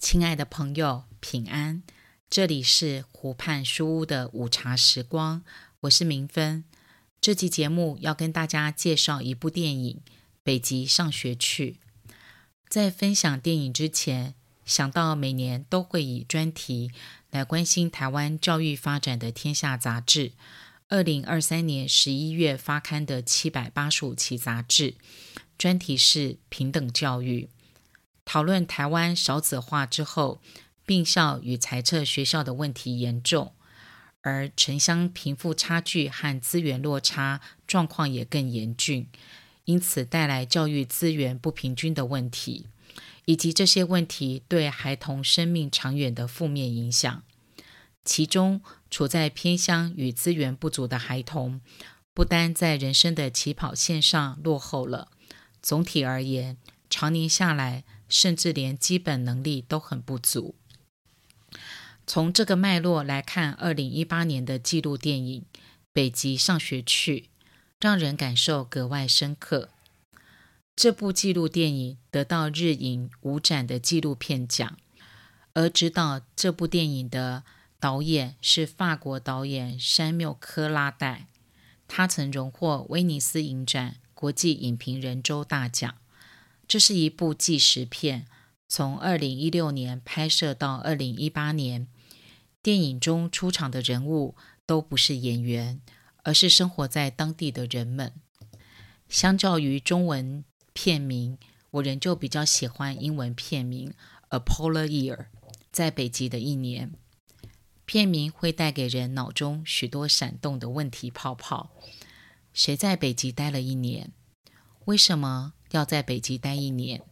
親愛的朋友，平安，這裡是湖畔書屋的午茶時光，我是明芬。這期節目要跟大家介紹一部電影《北極上學趣》。在分享電影之前，想到每年都會以專題來關心台灣教育發展的《天下》雜誌，二零二三年十一月發刊的七百八十五期雜誌，專題是平等教育。討論台灣少子化之後，併校與裁撤學校的問題嚴重，而城鄉貧富差距和資源落差狀況也更嚴峻，因此帶來教育資源不平均的問題，以及這些問題對孩童生命長遠的負面影響。其中，處在偏鄉與資源不足的孩童，不單在人生的起跑線上落後了，總體而言，長年下來。甚至連基本能力都很不足。從這個脈絡來看，二零一八年的紀錄電影《北極上學趣》讓人感受格外深刻。這部紀錄電影得到日影五展的紀錄片獎，而執導這部電影的導演是法國導演山繆·科拉代，他曾榮獲威尼斯影展國際影評人週大獎。這是一部紀實片，從二零一六年拍攝到二零一八年。電影中出場的人物都不是演員，而是生活在當地的人們。相較於中文片名，我仍舊比較喜歡英文片名《A Polar Year》，在北極的一年。片名會帶給人腦中許多閃動的問題泡泡。誰在北極待了一年？為什麼？要在北極待一年，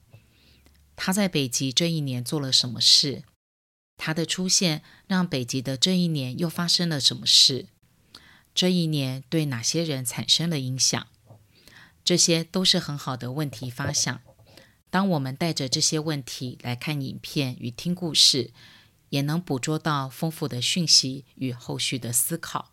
他在北極這一年做了什麼事？他的出現讓北極的這一年又發生了什麼事？這一年對哪些人產生了影響？這些都是很好的問題發想。當我們帶着這些問題來看影片與聽故事，也能捕捉到豐富的訊息與後續的思考。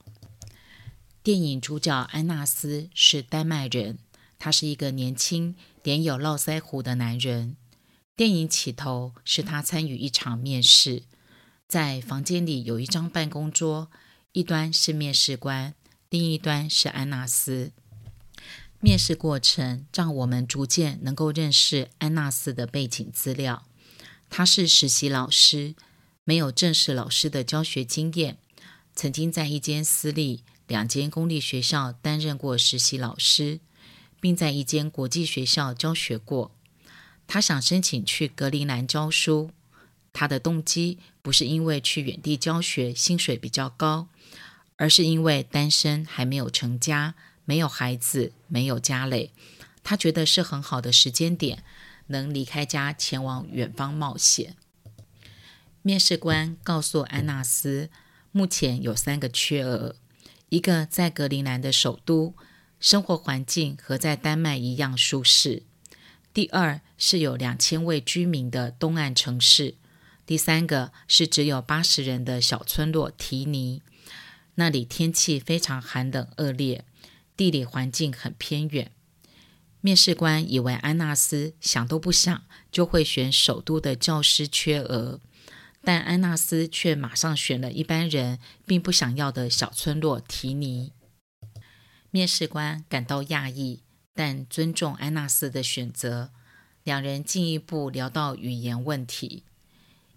電影主角安納斯是丹麥人，他是一個年輕，留有絡腮鬍的男人。電影起頭是他參與一場面試，在房間裡有一張辦公桌，一端是面試官，另一端是安納斯。面試過程讓我們逐漸能夠認識安納斯的背景資料。他是實習老師，沒有正式老師的教學經驗，曾經在一間私立、兩間公立學校擔任過實習老師。並在一間國際學校教學過。他想申請去格陵蘭教書。他的動機不是因為去遠地教學薪水比較高，而是因為單身還沒有成家，沒有孩子，沒有家累。他覺得是很好的時間點，能離開家前往遠方冒險。面試官告訴安納斯，目前有三個缺額，一個在格陵蘭的首都，生活環境和在丹麥一樣舒適。第二是有兩千位居民的東岸城市。第三個是只有八十人的小村落提尼，那裡天氣非常寒冷惡劣，地理環境很偏遠。面試官以為安納斯想都不想就會選首都的教師缺額，但安納斯卻馬上選了一般人並不想要的小村落提尼。面試官感到訝異，但尊重安納斯的選擇。兩人進一步聊到語言問題，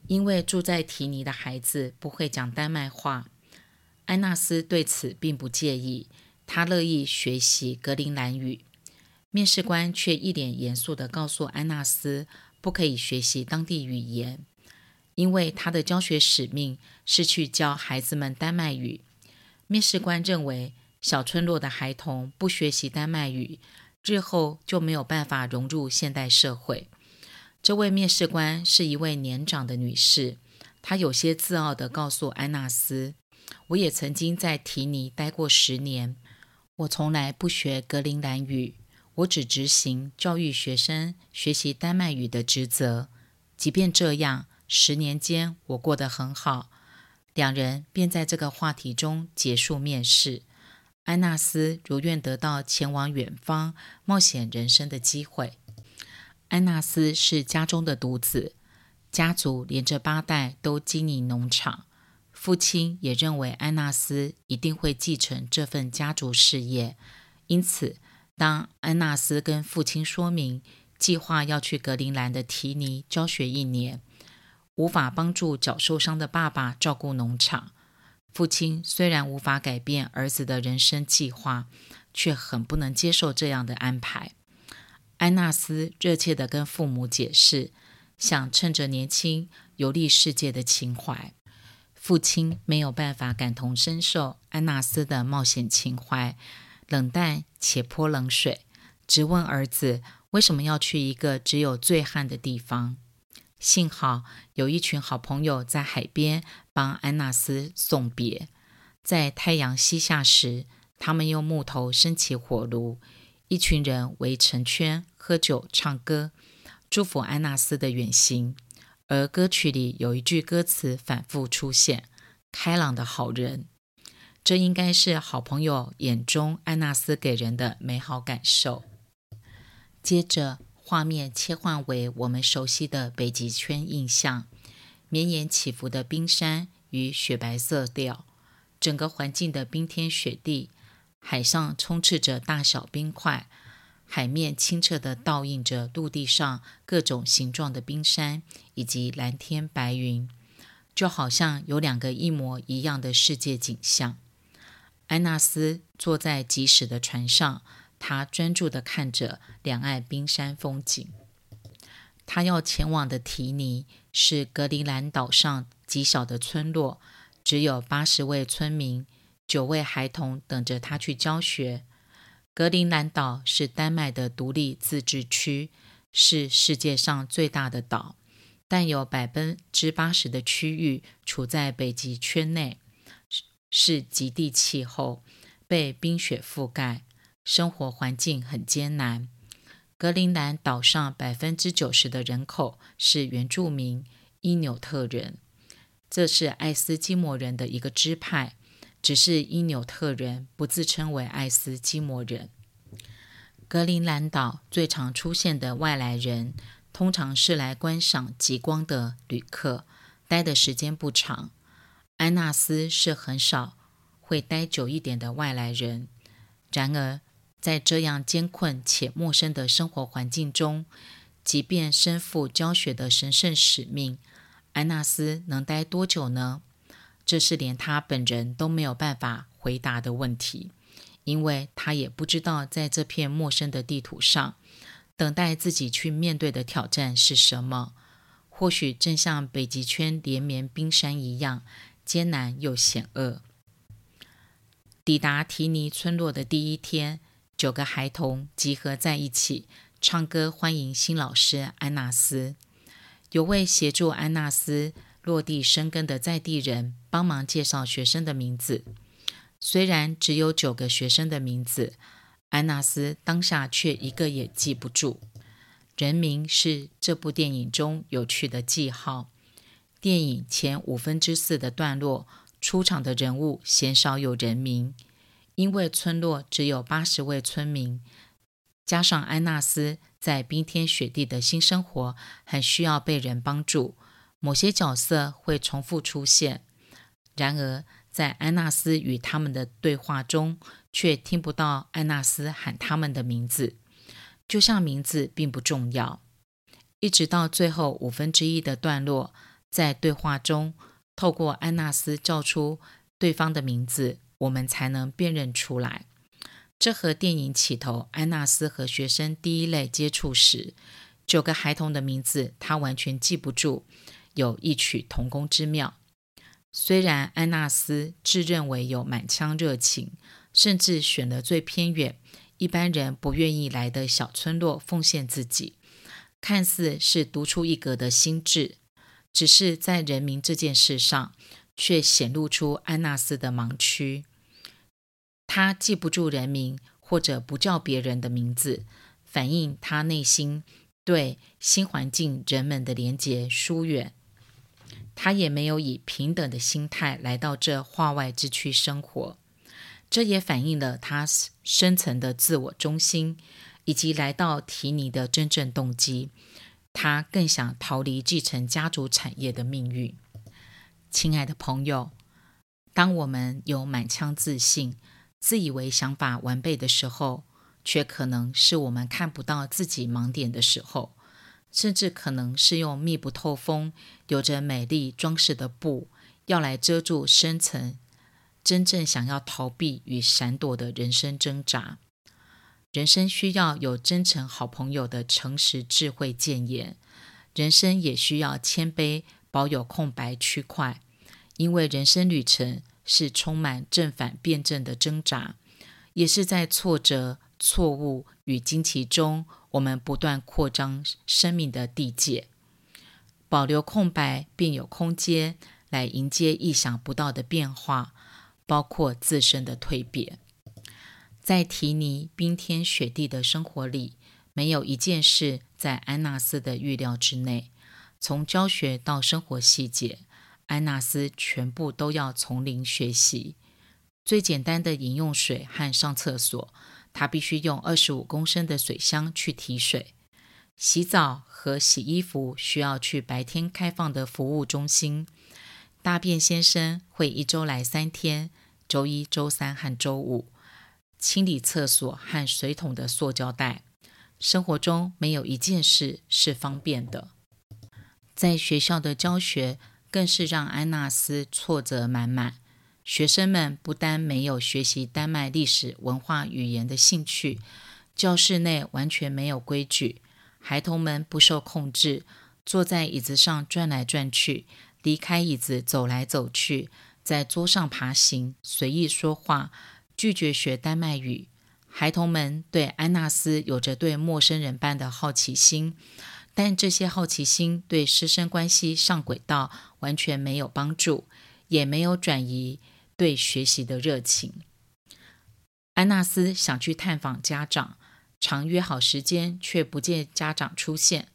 因為住在提尼的孩子不會講丹麥話，安納斯對此並不介意，他樂意學習格陵蘭語。面試官卻一臉嚴肅地告訴安納斯，不可以學習當地語言，因為他的教學使命是去教孩子們丹麥語。面試官認為。小村落的孩童不學習丹麥語，日後就沒有辦法融入現代社會。這位面試官是一位年長的女士，她有些自傲地告訴安納斯：“我也曾經在提尼待過十年，我從來不學格陵蘭語，我只執行教育學生學習丹麥語的職責。即便這樣，十年間我過得很好。”兩人便在這個話題中結束面試。安納斯如願得到前往遠方冒險人生的機會。安納斯是家中的獨子，家族連着八代都經營農場，父親也認為安納斯一定會繼承這份家族事業。因此，當安納斯跟父親說明計劃要去格陵蘭的提尼教學一年，無法幫助腳受傷的爸爸照顧農場。父親雖然無法改變兒子的人生計劃，卻很不能接受這樣的安排。安納斯熱切地跟父母解釋，想趁着年輕遊歷世界的情懷。父親沒有辦法感同身受安納斯的冒險情懷，冷淡且潑冷水，直問兒子為什麼要去一個只有醉漢的地方。幸好有一群好朋友在海邊幫安納斯送別。在太陽西下時，他們用木頭升起火爐，一群人圍成圈喝酒唱歌，祝福安納斯的遠行。而歌曲裡有一句歌詞反覆出現：“開朗的好人”，這應該是好朋友眼中安納斯給人的美好感受。接着。畫面切換為我們熟悉的北極圈印象，綿延起伏的冰山與雪白色調，整個環境的冰天雪地，海上充斥着大小冰塊，海面清澈地倒映着陸地上各種形狀的冰山以及藍天白雲，就好像有兩個一模一樣的世界景象。安納斯坐在極史的船上。他專注的看着兩岸冰山風景。他要前往的提尼是格陵蘭島上極小的村落，只有八十位村民，九位孩童等着他去教學。格陵蘭島是丹麥的獨立自治區，是世界上最大的島，但有百分之八十的區域處在北極圈內，是極地氣候，被冰雪覆蓋。生活環境很艱難。格陵蘭島上百分之九十的人口是原住民伊紐特人，這是愛斯基摩人的一個支派，只是伊紐特人不自稱為愛斯基摩人。格陵蘭島最常出現的外來人，通常是來觀賞極光的旅客，待的時間不長。安納斯是很少會待久一點的外來人，然而。在這樣艱困且陌生的生活環境中，即便身負教學的神聖使命，安納斯能待多久呢？這是連他本人都沒有辦法回答的問題，因為他也不知道在這片陌生的地圖上，等待自己去面對的挑戰是什麼。或許正像北極圈連綿冰山一樣，艱難又險惡。抵達提尼村落的第一天。九個孩童集合在一起唱歌，歡迎新老師安納斯。有位協助安納斯落地生根的在地人幫忙介紹學生的名字。雖然只有九個學生的名字，安納斯當下卻一個也記不住。人名是這部電影中有趣的記號。電影前五分之四的段落，出場的人物鮮少有人名。因為村落只有八十位村民，加上安納斯在冰天雪地的新生活，很需要被人幫助。某些角色會重複出現，然而在安納斯與他們的對話中，卻聽不到安納斯喊他們的名字，就像名字並不重要。一直到最後五分之一的段落，在對話中，透過安納斯叫出對方的名字。我們才能辨認出來，這和電影起頭安納斯和學生第一類接觸時，九個孩童的名字他完全記不住，有異曲同工之妙。雖然安納斯自認為有滿腔熱情，甚至選了最偏遠、一般人不願意來的小村落奉獻自己，看似是獨出一格的心智，只是在人名這件事上。卻顯露出安納斯的盲區，他記不住人名，或者不叫別人的名字，反映他內心對新環境人們的連結疏遠。他也沒有以平等的心態來到這化外之區生活，這也反映了他深層的自我中心，以及來到提尼的真正動機。他更想逃離繼承家族產業的命運。親愛的朋友，當我們有滿腔自信、自以為想法完備的時候，卻可能是我們看不到自己盲點的時候，甚至可能是用密不透風、有着美麗裝飾的布，要來遮住深層、真正想要逃避與閃躲的人生掙扎。人生需要有真誠好朋友的誠實智慧諫言，人生也需要謙卑，保有空白區塊。因為人生旅程是充滿正反辯證的掙扎，也是在挫折、錯誤與驚奇中，我們不斷擴張生命的地界。保留空白，並有空間來迎接意想不到的變化，包括自身的蛻變。在提尼冰天雪地的生活裡，沒有一件事在安娜斯的預料之內，從教學到生活細節。安納斯全部都要從零學習。最簡單的飲用水和上廁所，他必須用二十五公升的水箱去提水。洗澡和洗衣服需要去白天開放的服務中心。大便先生會一周來三天，周一、周三和周五，清理廁所和水桶的塑膠袋。生活中沒有一件事是方便的。在學校的教學，更是讓安納斯挫折滿滿。學生們不但沒有學習丹麥歷史文化語言的興趣，教室內完全沒有規矩，孩童們不受控制，坐在椅子上轉來轉去，離開椅子走來走去，在桌上爬行，隨意說話，拒絕學丹麥語。孩童們對安納斯有着對陌生人般的好奇心。但這些好奇心對師生關係上軌道完全沒有幫助，也沒有轉移對學習的熱情。安納斯想去探訪家長，常約好時間，卻不見家長出現。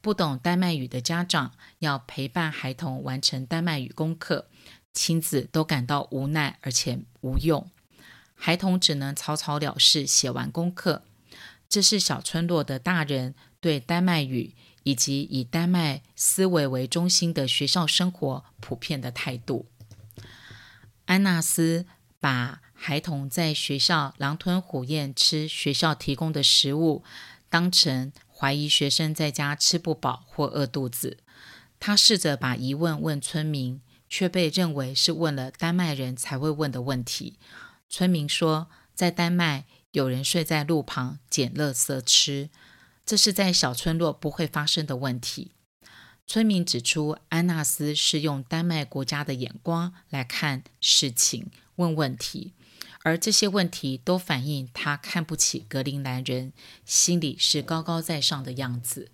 不懂丹麥語的家長要陪伴孩童完成丹麥語功課，親子都感到無奈而且無用。孩童只能草草了事寫完功課。這是小村落的大人。對丹麥語以及以丹麥思維為中心的學校生活普遍的態度。安納斯把孩童在學校狼吞虎咽吃學校提供的食物，當成懷疑學生在家吃不飽或餓肚子。他試着把疑問問村民，卻被認為是問了丹麥人才會問的問題。村民說，在丹麥有人睡在路旁撿垃圾吃。這是在小村落不會發生的問題。村民指出，安納斯是用丹麥國家的眼光來看事情、問問題，而這些問題都反映他看不起格陵蘭人，心裡是高高在上的樣子。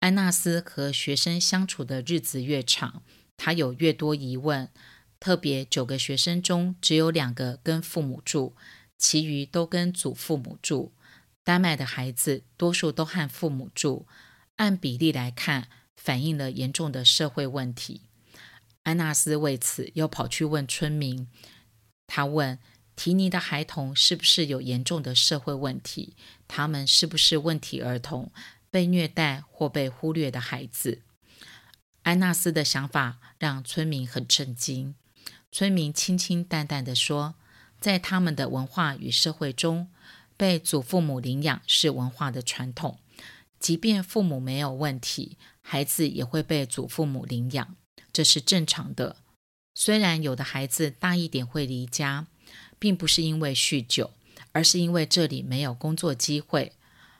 安納斯和學生相處的日子越長，他有越多疑問，特別九個學生中只有兩個跟父母住，其餘都跟祖父母住。丹麥的孩子多數都和父母住，按比例來看，反映了嚴重的社會問題。安納斯為此又跑去問村民，他問提尼的孩童是不是有嚴重的社會問題，他們是不是問題兒童，被虐待或被忽略的孩子。安納斯的想法讓村民很震驚。村民清清淡淡地說，在他們的文化與社會中，被祖父母領養是文化的傳統，即便父母沒有問題，孩子也會被祖父母領養，這是正常的。雖然有的孩子大一點會離家，並不是因為酗酒，而是因為這裡沒有工作機會。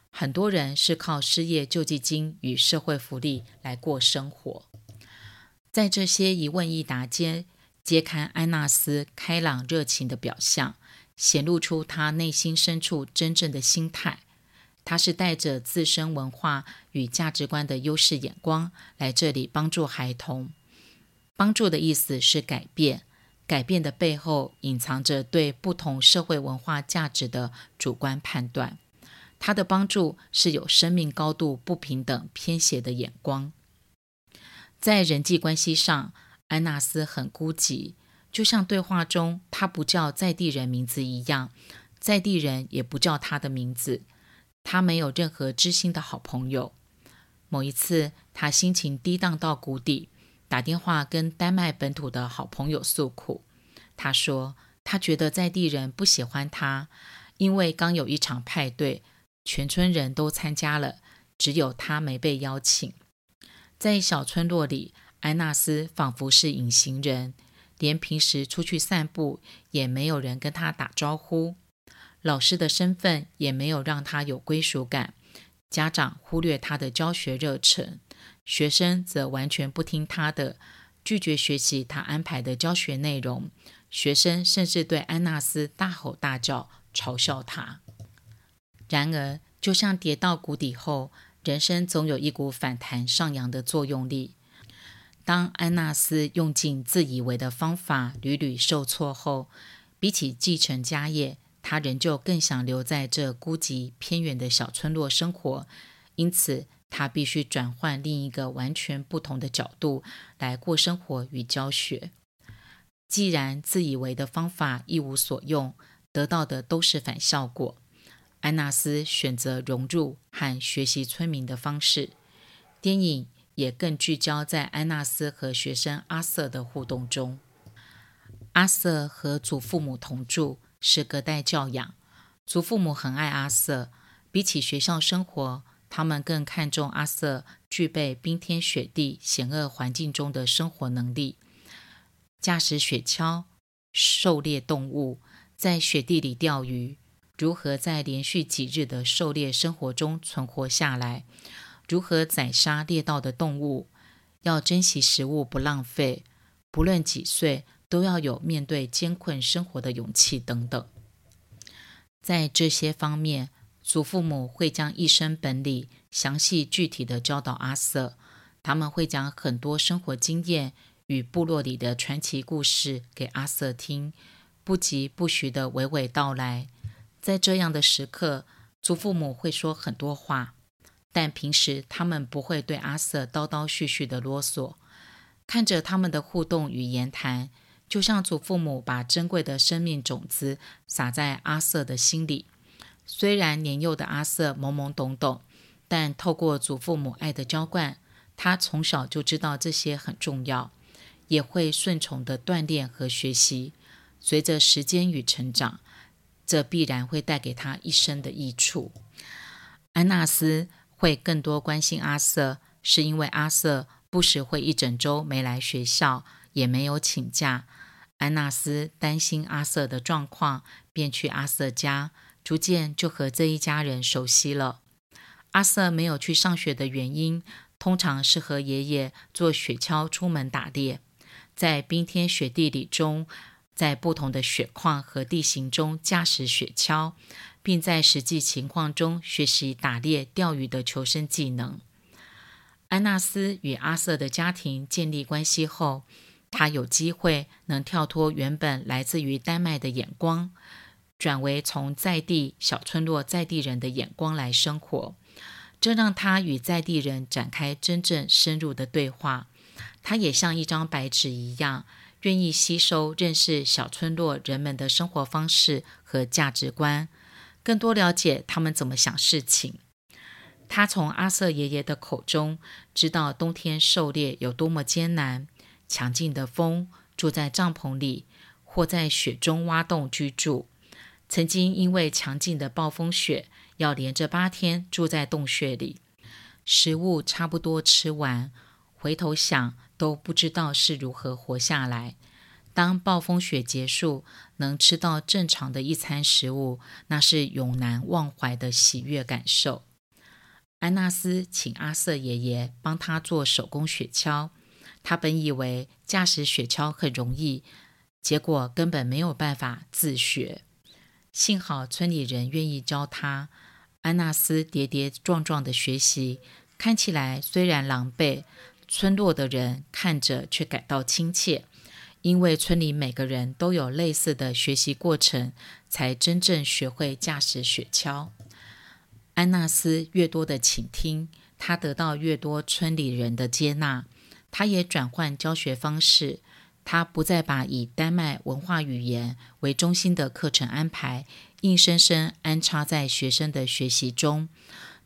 很多人是靠失業救濟金與社會福利來過生活。在這些一問一答間，揭開安娜斯開朗熱情的表象。顯露出他內心深處真正的心態，他是帶着自身文化與價值觀的優勢眼光來這裡幫助孩童。幫助的意思是改變，改變的背後隱藏着對不同社會文化價值的主觀判斷。他的幫助是有生命高度不平等偏斜的眼光。在人際關係上，安納斯很孤寂。就像對話中他不叫在地人名字一樣，在地人也不叫他的名字。他沒有任何知心的好朋友。某一次，他心情低盪到谷底，打電話跟丹麥本土的好朋友訴苦。他說：“他覺得在地人不喜歡他，因為剛有一場派對，全村人都參加了，只有他沒被邀請。”在一小村落裡，安納斯仿佛是隱形人。連平時出去散步也沒有人跟他打招呼，老師的身份也沒有讓他有歸屬感，家長忽略他的教學熱忱，學生則完全不聽他的，拒絕學習他安排的教學內容，學生甚至對安納斯大吼大叫，嘲笑他。然而，就像跌到谷底後，人生總有一股反彈上揚的作用力。當安納斯用盡自以為的方法屢屢受挫後，比起繼承家業，他仍舊更想留在這孤寂偏遠的小村落生活。因此，他必須轉換另一個完全不同的角度來過生活與教學。既然自以為的方法一無所用，得到的都是反效果，安納斯選擇融入和學習村民的方式。電影，也更聚焦在安納斯和學生阿瑟的互動中。阿瑟和祖父母同住，是隔代教養。祖父母很愛阿瑟，比起學校生活，他們更看重阿瑟具備冰天雪地險惡環境中的生活能力：駕駛雪橇、狩獵動物、在雪地裡釣魚，如何在連續幾日的狩獵生活中存活下來。如何宰殺獵到的動物？要珍惜食物，不浪費。不論幾歲，都要有面對艱困生活的勇氣等等。在這些方面，祖父母會將一生本領詳細具體的教導阿瑟。他們會講很多生活經驗與部落裡的傳奇故事給阿瑟聽，不疾不徐的娓娓道來。在這樣的時刻，祖父母會說很多話。但平時他們不會對阿瑟叨叨絮絮地囉嗦，看着他們的互動與言談，就像祖父母把珍貴的生命種子撒在阿瑟的心裡。雖然年幼的阿瑟懵懵懂懂，但透過祖父母愛的澆灌，他從小就知道這些很重要，也會順從地鍛煉和學習。隨着時間與成長，這必然會帶給他一生的益處。安納斯，會更多關心阿瑟，是因為阿瑟不時會一整周沒來學校，也沒有請假。安娜斯擔心阿瑟的狀況，便去阿瑟家，逐漸就和這一家人熟悉了。阿瑟沒有去上學的原因，通常是和爺爺坐雪橇出門打獵，在冰天雪地裡中，在不同的雪況和地形中駕駛雪橇。並在實際情況中學習打獵、釣魚的求生技能。安納斯與阿瑟的家庭建立關係後，他有機會能跳脫原本來自於丹麥的眼光，轉為從在地小村落在地人的眼光來生活。這讓他與在地人展開真正深入的對話。他也像一張白紙一樣，願意吸收認識小村落人們的生活方式和價值觀。更多了解他們怎麼想事情。他從阿瑟爺爺的口中知道，冬天狩獵有多麼艱難。強勁的風，住在帳篷裡，或在雪中挖洞居住。曾經因為強勁的暴風雪，要連着八天住在洞穴裡，食物差不多吃完，回頭想都不知道是如何活下來。當暴風雪結束，能吃到正常的一餐食物，那是永難忘懷的喜悅感受。安納斯請阿瑟爺爺幫他做手工雪橇。他本以為駕駛雪橇很容易，結果根本沒有辦法自學。幸好村裡人願意教他。安納斯跌跌撞撞地學習，看起來雖然狼狽，村落的人看着卻感到親切。因為村裡每個人都有類似的學習過程，才真正學會駕駛雪橇。安納斯越多的傾聽，他得到越多村裡人的接納。他也轉換教學方式，他不再把以丹麥文化語言為中心的課程安排硬生生安插在學生的學習中，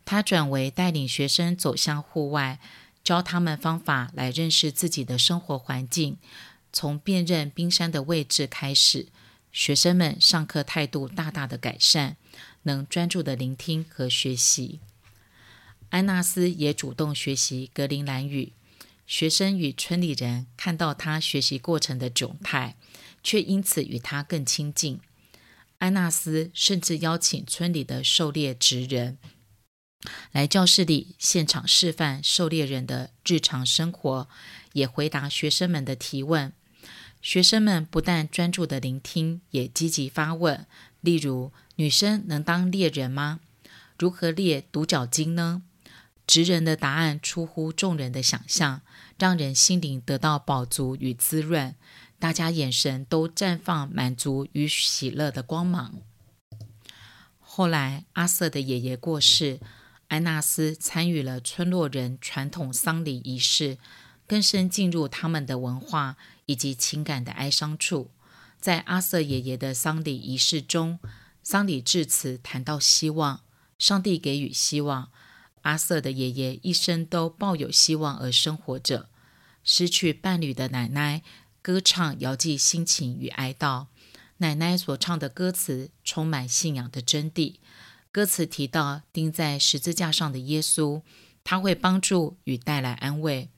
他轉為帶領學生走向戶外，教他們方法來認識自己的生活環境。從辨認冰山的位置開始，學生們上課態度大大的改善，能專注的聆聽和學習。安納斯也主動學習格陵蘭語，學生與村裡人看到他學習過程的窘態，卻因此與他更親近。安納斯甚至邀請村裡的狩獵職人來教室裡現場示範狩獵人的日常生活，也回答學生們的提問。學生們不但專注地聆聽，也積極發問，例如：“女生能當獵人嗎？如何獵獨角鯨呢？”職人的答案出乎眾人的想象，讓人心靈得到飽足與滋潤，大家眼神都綻放滿足與喜樂的光芒。後來，阿瑟的爺爺過世，安納斯參與了村落人傳統喪禮儀式，更深進入他們的文化。以及情感的哀傷處，在阿瑟爺爺的喪禮儀式中，喪禮致辭談到希望，上帝給予希望。阿瑟的爺爺一生都抱有希望而生活着。失去伴侶的奶奶歌唱，遙寄心情與哀悼。奶奶所唱的歌詞充滿信仰的真諦。歌詞提到釘在十字架上的耶穌，他會幫助與帶來安慰。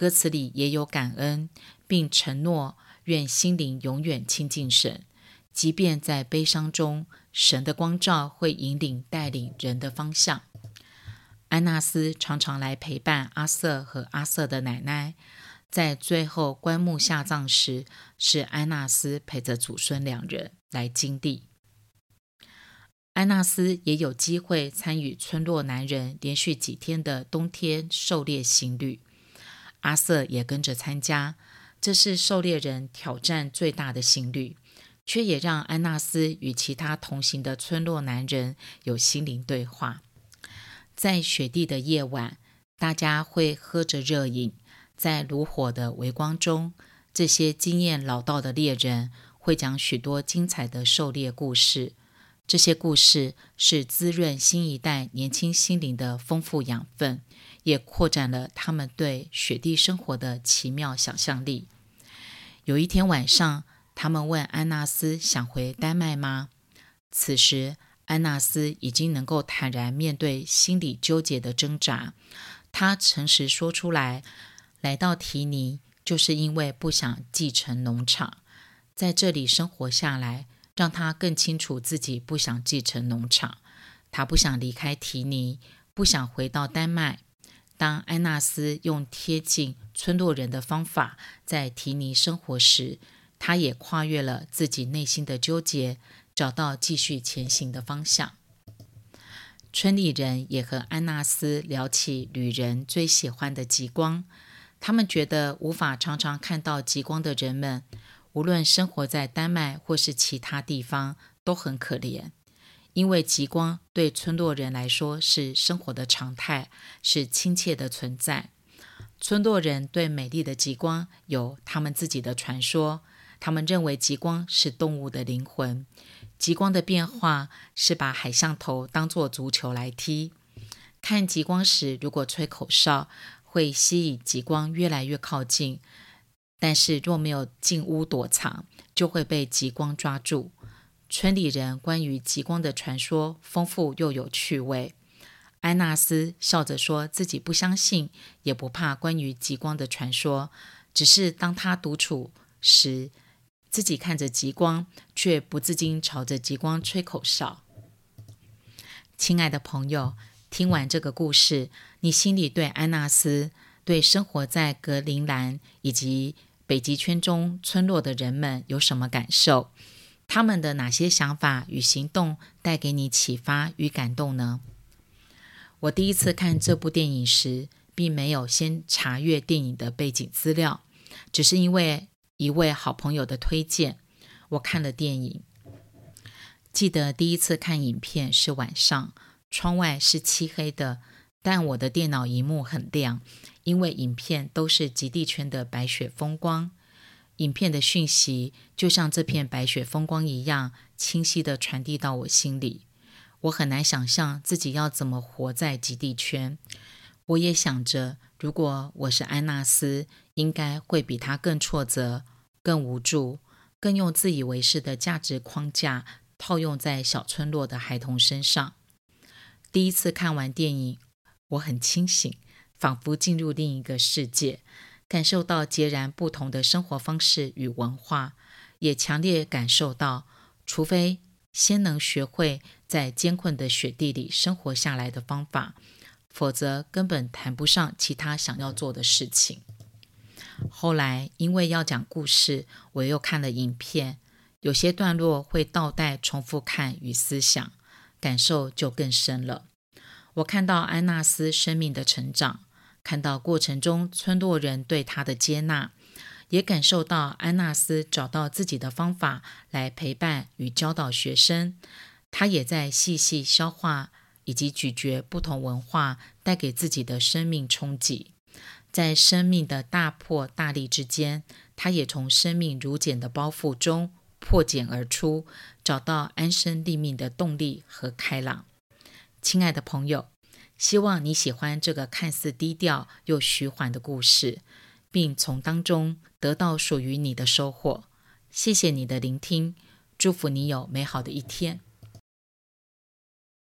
歌詞裡也有感恩，並承諾願心靈永遠親近神。即便在悲傷中，神的光照會引領帶領人的方向。安納斯常常來陪伴阿瑟和阿瑟的奶奶。在最後棺木下葬時，是安納斯陪着祖孫兩人來敬地。安納斯也有機會參與村落男人連續幾天的冬天狩獵行旅。阿瑟也跟着參加，這是狩獵人挑戰最大的行旅，卻也讓安納斯與其他同行的村落男人有心靈對話。在雪地的夜晚，大家會喝着熱飲，在爐火的微光中，這些經驗老道的獵人會講許多精彩的狩獵故事。這些故事是滋潤新一代年輕心靈的豐富養分，也擴展了他們對雪地生活的奇妙想象力。有一天晚上，他們問安納斯想回丹麥嗎？此時，安納斯已經能夠坦然面對心裡糾結的掙扎。他誠實說出來，來到提尼就是因為不想繼承農場，在這裡生活下來。讓他更清楚自己不想繼承農場，他不想離開提尼，不想回到丹麥。當安納斯用貼近村落人的方法在提尼生活時，他也跨越了自己內心的糾結，找到繼續前行的方向。村里人也和安納斯聊起旅人最喜歡的極光，他們覺得無法常常看到極光的人們。無論生活在丹麥或是其他地方，都很可憐，因為極光對村落人來說是生活的常態，是親切的存在。村落人對美麗的極光有他們自己的傳說，他們認為極光是動物的靈魂。極光的變化是把海象頭當作足球來踢。看極光時，如果吹口哨，會吸引極光越來越靠近。但是若沒有進屋躲藏，就會被極光抓住。村裡人關於極光的傳說豐富又有趣味。安納斯笑着說自己不相信，也不怕關於極光的傳說，只是當他獨處時，自己看着極光，卻不自禁朝着極光吹口哨。親愛的朋友，聽完這個故事，你心裡對安納斯、對生活在格陵蘭以及北極圈中村落的人們有什麼感受？他們的哪些想法與行動帶給你啟發與感動呢？我第一次看這部電影時，並沒有先查閱電影的背景資料，只是因為一位好朋友的推薦，我看了電影。記得第一次看影片是晚上，窗外是漆黑的，但我的電腦熒幕很亮。因為影片都是極地圈的白雪風光，影片的訊息就像這片白雪風光一樣，清晰地傳遞到我心裡。我很難想象自己要怎麼活在極地圈。我也想着，如果我是安娜絲，應該會比她更挫折、更無助、更用自以為是的價值框架套用在小村落的孩童身上。第一次看完電影，我很清醒。仿佛進入另一個世界，感受到截然不同的生活方式與文化，也強烈感受到，除非先能學會在艱困的雪地裡生活下來的方法，否則根本談不上其他想要做的事情。後來因為要講故事，我又看了影片，有些段落會倒帶重複看與思想，感受就更深了。我看到安納斯生命的成長。看到過程中村落人對他的接納，也感受到安納斯找到自己的方法來陪伴與教導學生。他也在細細消化以及咀嚼不同文化帶給自己的生命衝擊，在生命的大破大立之間，他也從生命如繭的包袱中破繭而出，找到安身立命的動力和開朗。親愛的朋友。希望你喜歡這個看似低調又徐緩的故事，並從當中得到屬於你的收穫。謝謝你的聆聽，祝福你有美好的一天。